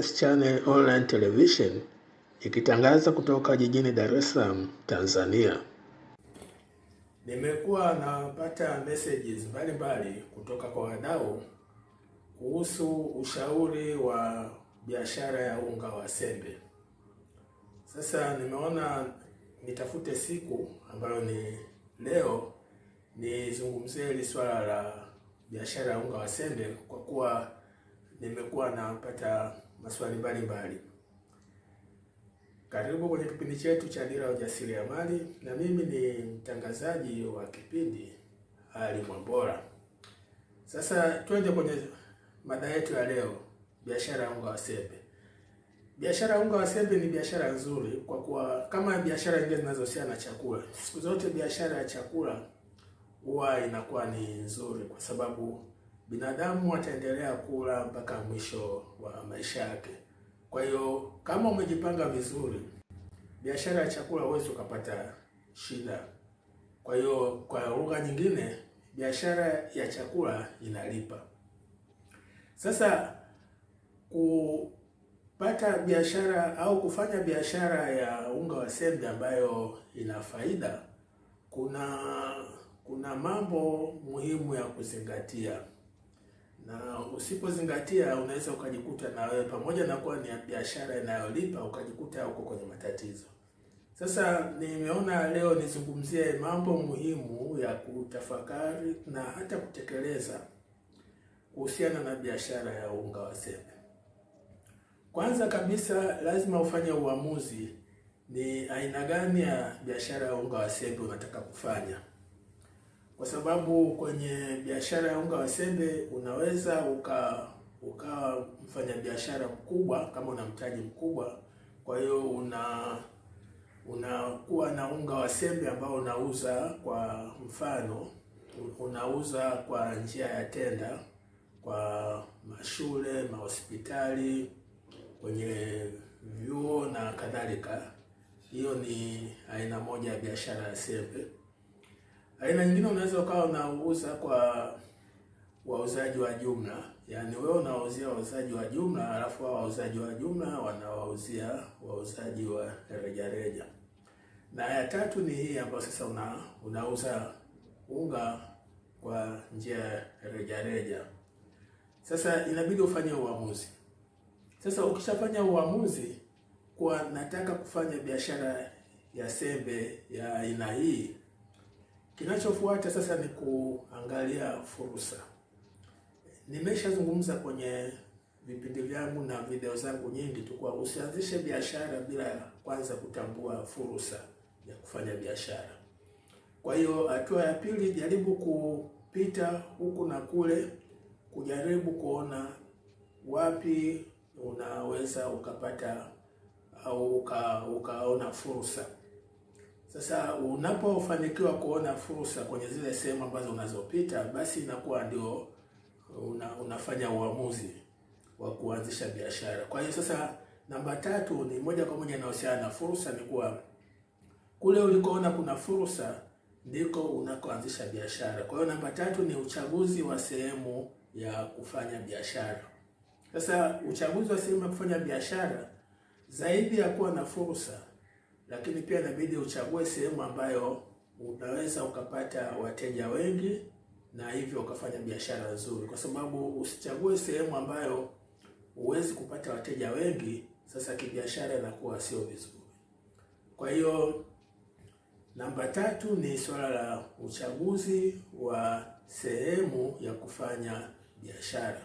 Business Channel Online Television ikitangaza kutoka jijini Dar es Salaam, Tanzania. Nimekuwa napata messages mbalimbali kutoka kwa wadau kuhusu ushauri wa biashara ya unga wa sembe. Sasa nimeona nitafute siku ambayo ni leo nizungumzie hili swala la biashara ya unga wa sembe kwa kuwa nimekuwa napata maswali mbalimbali. Karibu kwenye kipindi chetu cha Dira ya Ujasiriamali, na mimi ni mtangazaji wa kipindi Ali Mwambola. Sasa twende kwenye mada yetu ya leo, biashara ya unga wa sembe. Biashara ya unga wa sembe ni biashara nzuri kwa kuwa kama biashara nyingine zinazohusiana na chakula, siku zote biashara ya chakula huwa inakuwa ni nzuri kwa sababu binadamu ataendelea kula mpaka mwisho wa maisha yake. Kwa hiyo kama umejipanga vizuri, biashara ya chakula huwezi ukapata shida. Kwa hiyo kwa lugha nyingine, biashara ya chakula inalipa. Sasa kupata biashara au kufanya biashara ya unga wa sembe ambayo ina faida, kuna kuna mambo muhimu ya kuzingatia na usipozingatia unaweza ukajikuta na wewe pamoja na kuwa ni biashara inayolipa ukajikuta uko kwenye matatizo. Sasa nimeona leo nizungumzie mambo muhimu ya kutafakari na hata kutekeleza kuhusiana na biashara ya unga wa sembe. Kwanza kabisa lazima ufanye uamuzi, ni aina gani ya biashara ya unga wa sembe unataka kufanya kwa sababu kwenye biashara ya unga wa sembe unaweza uka ukawa mfanyabiashara mkubwa kama una mtaji mkubwa. Kwa hiyo una unakuwa na unga wa sembe ambao unauza, kwa mfano unauza kwa njia ya tenda kwa mashule, mahospitali, kwenye vyuo na kadhalika. Hiyo ni aina moja ya biashara ya sembe. Aina nyingine unaweza ukawa unauza kwa wauzaji wa jumla, yaani wewe unawauzia wauzaji wa jumla, alafu hao wauzaji wa jumla wanawauzia wauzaji wa rejareja. Na ya tatu ni hii ambayo sasa una, unauza unga kwa njia ya rejareja. Sasa inabidi ufanye uamuzi. Sasa ukishafanya uamuzi kuwa nataka kufanya biashara ya sembe ya aina hii Kinachofuata sasa ni kuangalia fursa. Nimeshazungumza kwenye vipindi vyangu na video zangu nyingi tu kwa usianzishe biashara bila kwanza kutambua fursa ya kufanya biashara. Kwa hiyo hatua ya pili, jaribu kupita huku na kule, kujaribu kuona wapi unaweza ukapata au uka, ukaona fursa. Sasa unapofanikiwa kuona fursa kwenye zile sehemu ambazo unazopita, basi inakuwa ndio una, unafanya uamuzi wa kuanzisha biashara. Kwa hiyo sasa, namba tatu ni moja kwa moja inahusiana na fursa, ni kuwa kule ulikoona kuna fursa ndiko unakoanzisha biashara. Kwa hiyo namba tatu ni uchaguzi wa sehemu ya kufanya biashara. Sasa uchaguzi wa sehemu ya kufanya biashara, zaidi ya kuwa na fursa lakini pia inabidi uchague sehemu ambayo unaweza ukapata wateja wengi na hivyo ukafanya biashara nzuri, kwa sababu usichague sehemu ambayo huwezi kupata wateja wengi, sasa kibiashara inakuwa sio vizuri. Kwa hiyo namba tatu ni swala la uchaguzi wa sehemu ya kufanya biashara.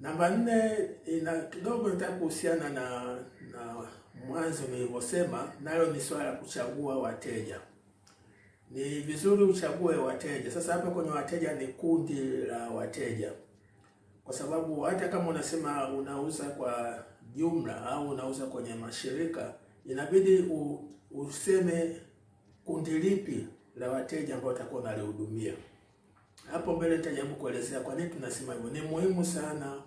Namba nne ina kidogo nitakuhusiana na na mwanzo nilivyosema, nayo ni swala la kuchagua wateja. Ni vizuri uchague wateja. Sasa hapa kwenye wateja ni kundi la wateja, kwa sababu hata kama unasema unauza kwa jumla au unauza kwenye mashirika, inabidi u, useme kundi lipi la wateja ambao utakuwa unalihudumia. Hapo mbele nitajaribu kuelezea kwa nini tunasema hivyo. Ni muhimu sana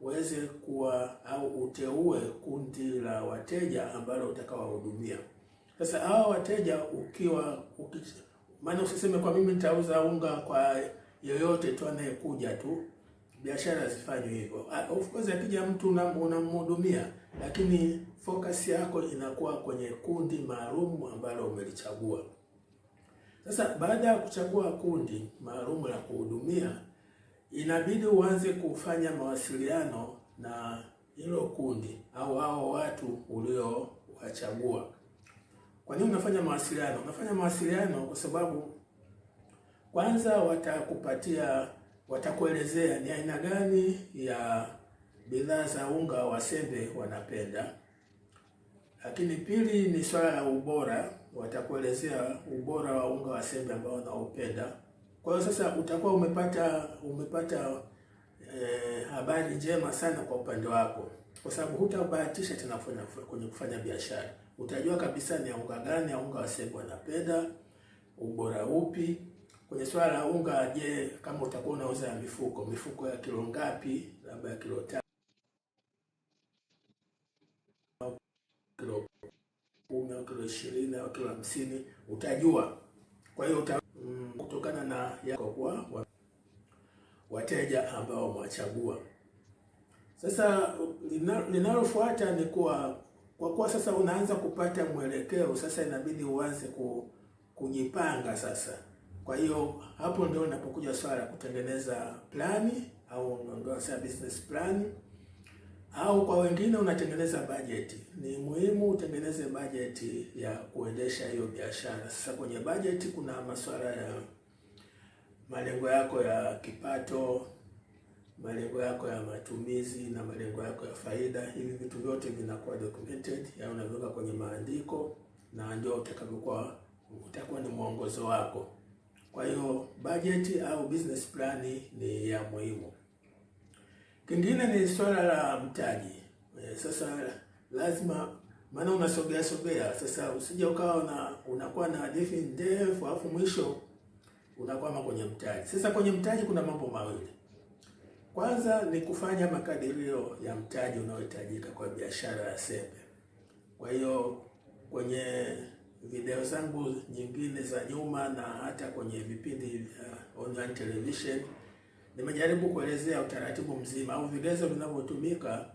uweze kuwa au uteue kundi la wateja ambalo utakawahudumia. Sasa hawa wateja ukiwa maana usiseme kwa mimi nitauza unga kwa yoyote tu anayekuja tu, biashara zifanywe hivyo. Of course akija mtu unamhudumia, lakini focus yako inakuwa kwenye kundi maalum ambalo umelichagua. Sasa baada ya kuchagua kundi maalum la kuhudumia inabidi uanze kufanya mawasiliano na hilo kundi au hao watu uliowachagua. Kwa nini unafanya mawasiliano? Unafanya mawasiliano kwa sababu kwanza watakupatia, watakuelezea ni aina gani ya bidhaa za unga wa sembe wanapenda, lakini pili ni swala la ubora. Watakuelezea ubora wa unga wa sembe ambao wanaopenda kwa hiyo sasa utakuwa umepata umepata eh, habari njema sana kwa upande wako, kwa sababu hutabahatisha tena kwenye kufanya biashara. Utajua kabisa ni unga gani au unga wasegu wanapenda ubora upi. Kwenye swala la unga, je, kama utakuwa unauza ya mifuko, mifuko ya kilo ngapi? Labda ya kilo tano kilo kumi au kilo ishirini au kilo hamsini, utajua. Kwa hiyo uta Mm, kutokana na ya kwa wateja ambao wamewachagua Sasa linalofuata ni kuwa kwa kuwa sasa unaanza kupata mwelekeo, sasa inabidi uanze ku, kujipanga sasa. Kwa hiyo hapo ndio unapokuja swala kutengeneza plani au unaongea business plan au kwa wengine unatengeneza bajeti. Ni muhimu utengeneze bajeti ya kuendesha hiyo biashara. Sasa kwenye bajeti kuna masuala ya malengo yako ya kipato, malengo yako ya matumizi na malengo yako ya faida. Hivi vitu vyote vinakuwa documented au unaviweka kwenye maandiko, na ndio utakavyokuwa utakuwa ni mwongozo wako. Kwa hiyo bajeti au business plan ni ya muhimu. Kingine ni swala la mtaji. E, sasa lazima maana unasogea sogea, sasa usije ukawa una, unakuwa na hadithi ndefu alafu mwisho unakwama kwenye mtaji. Sasa kwenye mtaji kuna mambo mawili. Kwanza ni kufanya makadirio ya mtaji unaohitajika kwa biashara ya sembe. Kwa hiyo kwenye video zangu nyingine za nyuma na hata kwenye vipindi vya online television Nimejaribu kuelezea utaratibu mzima au vigezo vinavyotumika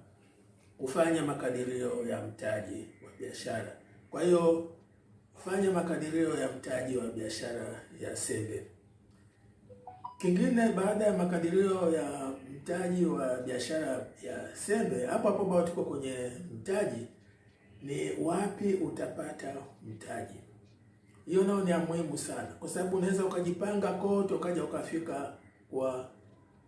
kufanya makadirio ya mtaji wa biashara. Kwa hiyo fanya makadirio ya mtaji wa biashara ya sembe. Kingine, baada ya makadirio ya mtaji wa biashara ya sembe, hapo hapo bado tuko kwenye mtaji, ni wapi utapata mtaji. Hiyo nayo ni ya muhimu sana, kwa sababu unaweza ukajipanga kote ukaja ukafika kwa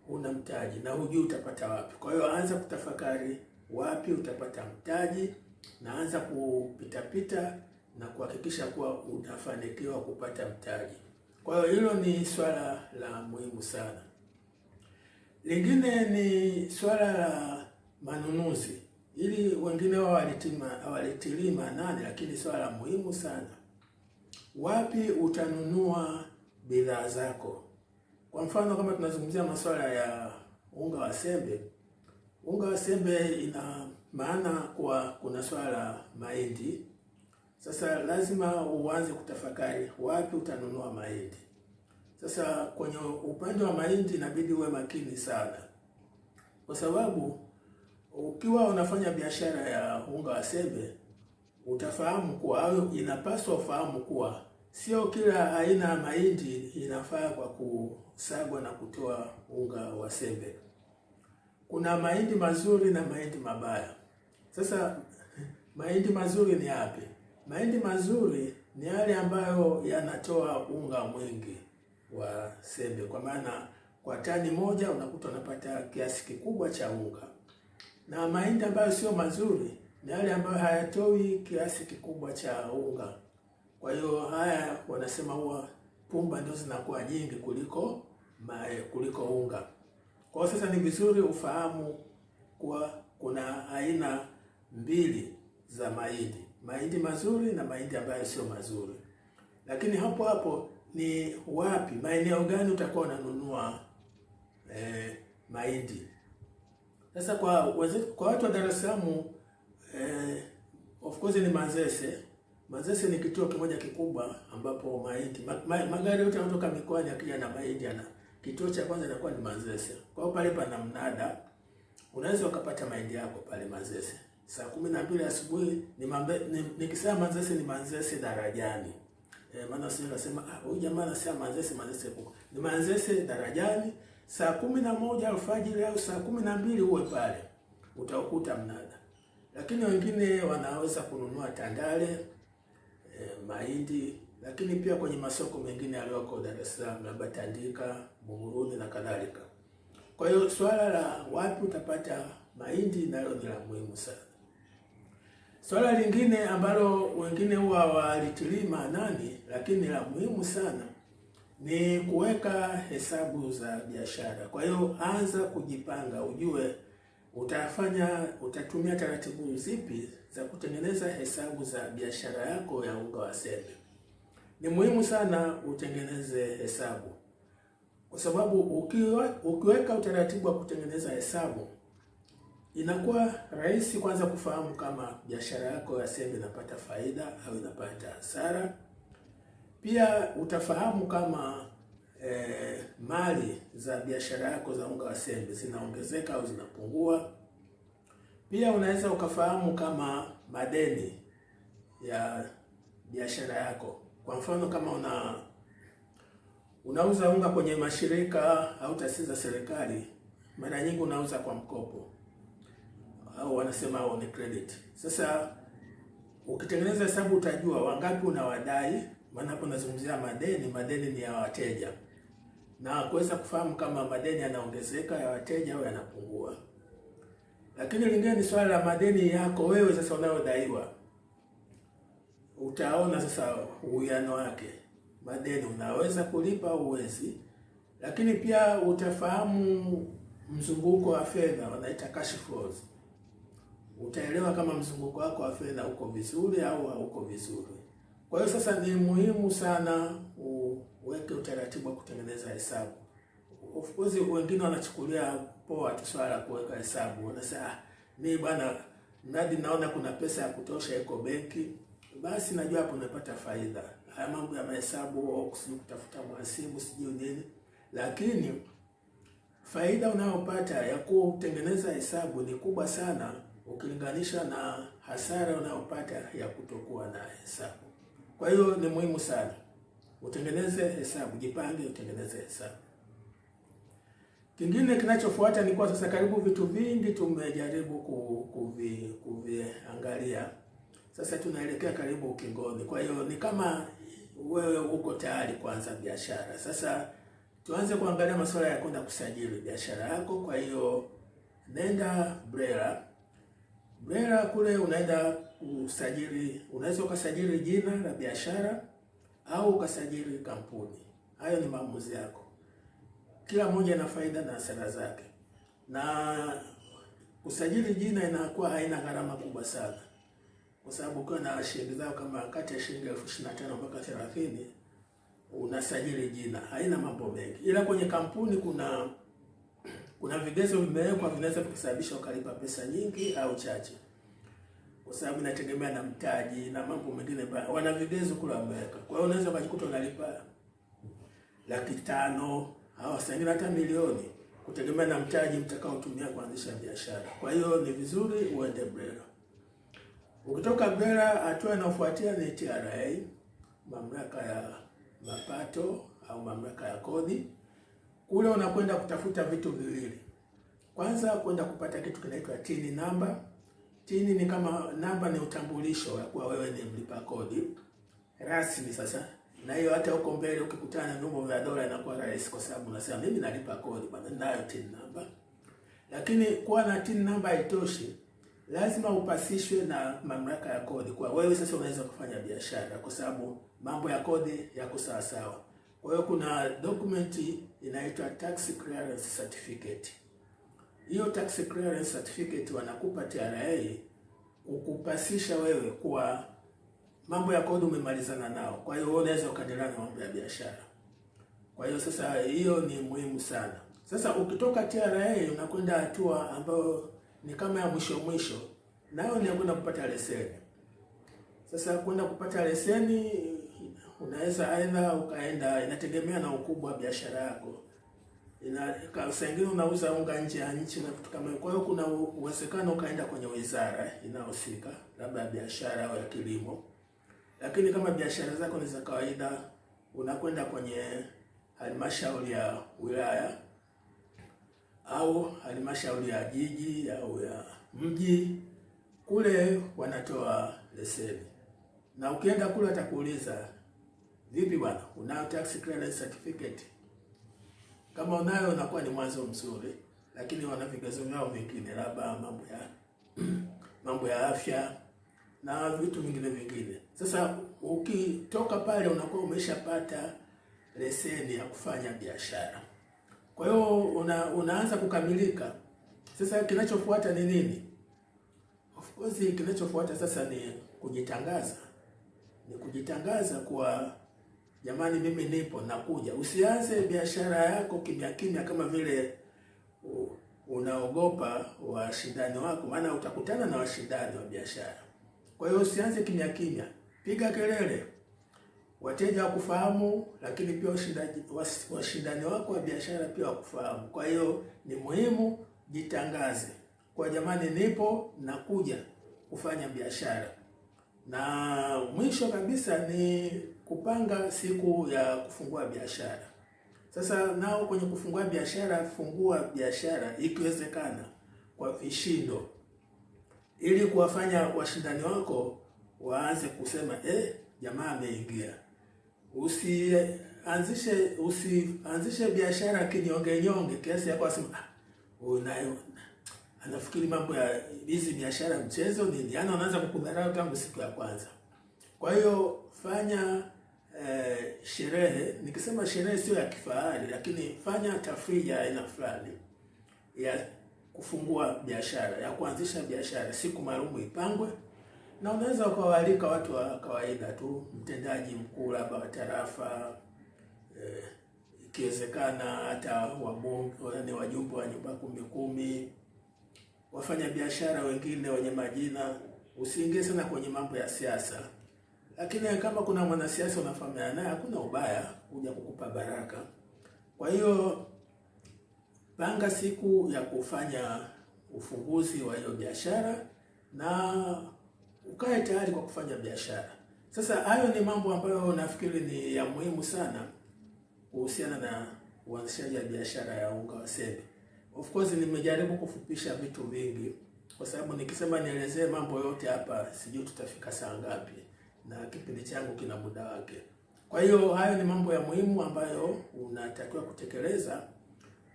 una mtaji na hujui utapata wapi. Kwa hiyo anza kutafakari wapi utapata mtaji, na anza kupitapita na kuhakikisha kuwa unafanikiwa kupata mtaji. Kwa hiyo hilo ni swala la muhimu sana. Lingine ni swala la manunuzi, ili wengine wao hawalitilii maanani, lakini swala muhimu sana, wapi utanunua bidhaa zako kwa mfano kama tunazungumzia masuala ya unga wa sembe, unga wa sembe ina maana kwa kuna swala la mahindi. Sasa lazima uanze kutafakari wapi utanunua mahindi. Sasa kwenye upande wa mahindi inabidi uwe makini sana, kwa sababu ukiwa unafanya biashara ya unga wa sembe utafahamu kuwa au inapaswa ufahamu kuwa Sio kila aina ya mahindi inafaa kwa kusagwa na kutoa unga wa sembe. Kuna mahindi mazuri na mahindi mabaya. Sasa mahindi mazuri ni yapi? Mahindi mazuri ni yale ambayo yanatoa unga mwingi wa sembe, kwa maana kwa tani moja unakuta unapata kiasi kikubwa cha unga, na mahindi ambayo sio mazuri ni yale ambayo hayatoi kiasi kikubwa cha unga kwa hiyo haya wanasema huwa pumba ndio zinakuwa nyingi kuliko mae, kuliko unga. Kwa hiyo sasa ni vizuri ufahamu kuwa kuna aina mbili za mahindi, mahindi mazuri na mahindi ambayo sio mazuri. Lakini hapo hapo ni wapi, maeneo gani utakuwa unanunua eh, mahindi? Sasa kwa, kwa watu wa Dar es Salaam eh, of course ni Manzese Manzese ni kituo kimoja kikubwa ambapo mahindi ma, ma, magari yote yanatoka mikoani akija na mahindi ana kituo cha kwanza inakuwa ni Manzese. Kwa hiyo pale pana mnada, unaweza ukapata mahindi yako pale Manzese. Saa kumi na mbili asubuhi ni ni, nikisema Manzese ni Manzese darajani. E, maana sio nasema ah, huyu jamaa anasema Manzese Manzese huko. Ni Manzese darajani saa kumi na moja alfajiri au saa kumi na mbili uwe pale. Utakuta mnada. Lakini wengine wanaweza kununua Tandale mahindi, lakini pia kwenye masoko mengine yaliyoko Dar es Salaam, labda Tandika, Buguruni na kadhalika. Kwa hiyo swala la wapi utapata mahindi nalo ni la muhimu sana. Swala lingine ambalo wengine huwa walitilii maanani, lakini la muhimu sana ni kuweka hesabu za biashara. Kwa hiyo anza kujipanga, ujue utafanya utatumia taratibu zipi za kutengeneza hesabu za biashara yako ya unga wa sembe. Ni muhimu sana utengeneze hesabu, kwa sababu ukiweka utaratibu wa kutengeneza hesabu inakuwa rahisi kwanza kufahamu kama biashara yako ya sembe inapata faida au inapata hasara. Pia utafahamu kama eh, mali za biashara yako za unga wa sembe zinaongezeka au zinapungua. Pia unaweza ukafahamu kama madeni ya biashara yako, kwa mfano kama una unauza unga kwenye mashirika au taasisi za serikali, mara nyingi unauza kwa mkopo au wanasema on credit. Sasa ukitengeneza hesabu utajua wangapi unawadai, maana hapo nazungumzia madeni. Madeni ni ya wateja na kuweza kufahamu kama madeni yanaongezeka ya wateja au yanapungua. Lakini lingine ni swala la madeni yako wewe sasa unayodaiwa, utaona sasa uwiano wake, madeni unaweza kulipa au uwezi. Lakini pia utafahamu mzunguko wa fedha, wanaita cash flows. Utaelewa kama mzunguko wako wa fedha uko vizuri au hauko vizuri. Kwa hiyo sasa ni muhimu sana katika utaratibu wa kutengeneza hesabu. Of course wengine wanachukulia poa tu swala la kuweka hesabu, wanasema ni ah, bwana, mradi naona kuna pesa ya kutosha iko benki, basi najua hapo napata faida. Haya mambo ya mahesabu au kutafuta mhasibu sijui nini, lakini faida unayopata ya kutengeneza hesabu ni kubwa sana ukilinganisha na hasara unayopata ya kutokuwa na hesabu. Kwa hiyo ni muhimu sana utengeneze hesabu, jipange utengeneze hesabu. Kingine kinachofuata ni kwa sasa, karibu vitu vingi tumejaribu kuviangalia kuvi, sasa tunaelekea karibu ukingoni. Kwa hiyo ni kama wewe uko tayari kuanza biashara sasa, tuanze kuangalia masuala ya kwenda kusajili biashara yako. Kwa hiyo nenda BRELA. BRELA kule unaenda kusajili, unaweza ukasajili jina la biashara au ukasajili kampuni. Hayo ni maamuzi yako. Kila mmoja ana faida na hasara zake, na usajili jina inakuwa haina gharama kubwa sana, kwa sababu ukiwa na shilingi zao kama kati ya shilingi elfu ishirini na tano mpaka thelathini unasajili jina, haina mambo mengi. Ila kwenye kampuni kuna kuna vigezo vimewekwa vinaweza kusababisha ukalipa pesa nyingi au chache kwa sababu inategemea na mtaji na mambo mengine, wana vigezo kule wameweka. Kwa hiyo unaweza ukajikuta unalipa laki tano au sengine hata milioni, kutegemea na mtaji mtakaotumia kuanzisha biashara. Kwa hiyo ni vizuri uende BRELA. Ukitoka BRELA, hatua inayofuatia ni TRA, mamlaka ya mapato au mamlaka ya kodi. Kule unakwenda kutafuta vitu viwili, kwanza kwenda kupata kitu kinaitwa tini namba Tini ni kama namba, ni utambulisho wa kuwa wewe ni mlipa kodi rasmi. Sasa na hiyo hata huko mbele ukikutana na vyombo vya dola inakuwa rahisi, kwa sababu unasema mimi nalipa kodi bana, ninayo tin namba. Lakini kuwa na tin namba haitoshi, lazima upasishwe na mamlaka ya kodi kwa wewe sasa unaweza kufanya biashara, kwa sababu mambo ya kodi yako sawasawa. Kwa hiyo kuna document inaitwa tax clearance certificate hiyo tax clearance certificate wanakupa TRA ukupasisha wewe kuwa mambo ya kodi umemalizana nao, kwa hiyo wewe unaweza ukaendelea na mambo ya biashara. Kwa hiyo sasa, hiyo ni muhimu sana. Sasa ukitoka TRA unakwenda hatua ambayo ni kama ya mwisho mwisho, nayo ni kwenda kupata leseni. Sasa kwenda kupata leseni unaweza aidha ukaenda, inategemea na ukubwa wa biashara yako saingine unauza unga nje ya nchi na vitu kama Kwa hiyo kuna uwezekano ukaenda kwenye wizara inayohusika labda biashara au ya kilimo, lakini kama biashara zako ni za kawaida, unakwenda kwenye halmashauri ya wilaya au halmashauri ya jiji au ya mji, kule wanatoa leseni, na ukienda kule atakuuliza vipi bwana, unayo tax clearance certificate kama unayo unakuwa ni mwanzo mzuri, lakini wana vigezo vyao vingine, labda mambo ya mambo ya afya na vitu vingine vingine. Sasa ukitoka pale unakuwa umeshapata leseni ya kufanya biashara, kwa hiyo una, unaanza kukamilika. Sasa kinachofuata ni nini? Of course kinachofuata sasa ni kujitangaza, ni kujitangaza kwa jamani, mimi nipo nakuja. Usianze biashara yako kimya kimya, kama vile unaogopa washindani wako, maana utakutana na washindani wa biashara. Kwa hiyo usianze kimya kimya, piga kelele, wateja wakufahamu, lakini pia washindani wako wa biashara pia wakufahamu. Kwa hiyo ni muhimu jitangaze kwa jamani, nipo nakuja kufanya biashara. Na mwisho kabisa ni kupanga siku ya kufungua biashara. Sasa nao kwenye kufungua biashara, fungua biashara ikiwezekana kwa vishindo, ili kuwafanya washindani wako waanze kusema eh, jamaa ameingia. Usianzishe usianzishe biashara kinyonge nyonge kiasi yako asema ah, unayo anafikiri mambo ya hizi biashara mchezo nini, yaani anaanza kukudharau tangu siku ya kwanza. Kwa hiyo fanya eh, sherehe. Nikisema sherehe sio ya kifahari, lakini fanya tafrija ya aina fulani ya kufungua biashara, ya kuanzisha biashara. Siku maalum ipangwe, na unaweza ukawaalika watu wa kawaida tu, mtendaji mkuu labda wa tarafa eh, ikiwezekana hata wabunge, yaani wajumbe wa nyumba kumi kumi, wafanya biashara wengine wenye majina. Usiingie sana kwenye mambo ya siasa. Lakini kama kuna mwanasiasa unafahamiana naye, hakuna ubaya kuja kukupa baraka. Kwa hiyo panga siku ya kufanya ufunguzi wa hiyo biashara na ukae tayari kwa kufanya biashara. Sasa hayo ni mambo ambayo nafikiri ni ya muhimu sana kuhusiana na uanzishaji wa biashara ya unga wa sembe. Of course nimejaribu kufupisha vitu vingi, kwa sababu nikisema nielezee mambo yote hapa, sijui tutafika saa ngapi na kipindi changu kina muda wake. Kwa hiyo hayo ni mambo ya muhimu ambayo unatakiwa kutekeleza,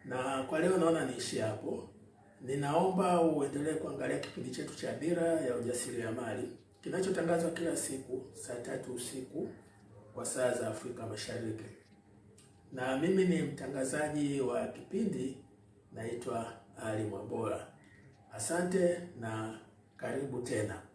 na kwa leo naona niishi hapo. Ninaomba uendelee kuangalia kipindi chetu cha Dira ya Ujasiriamali kinachotangazwa kila siku saa tatu usiku kwa saa za Afrika Mashariki, na mimi ni mtangazaji wa kipindi, naitwa Ali Mwambola. Asante na karibu tena.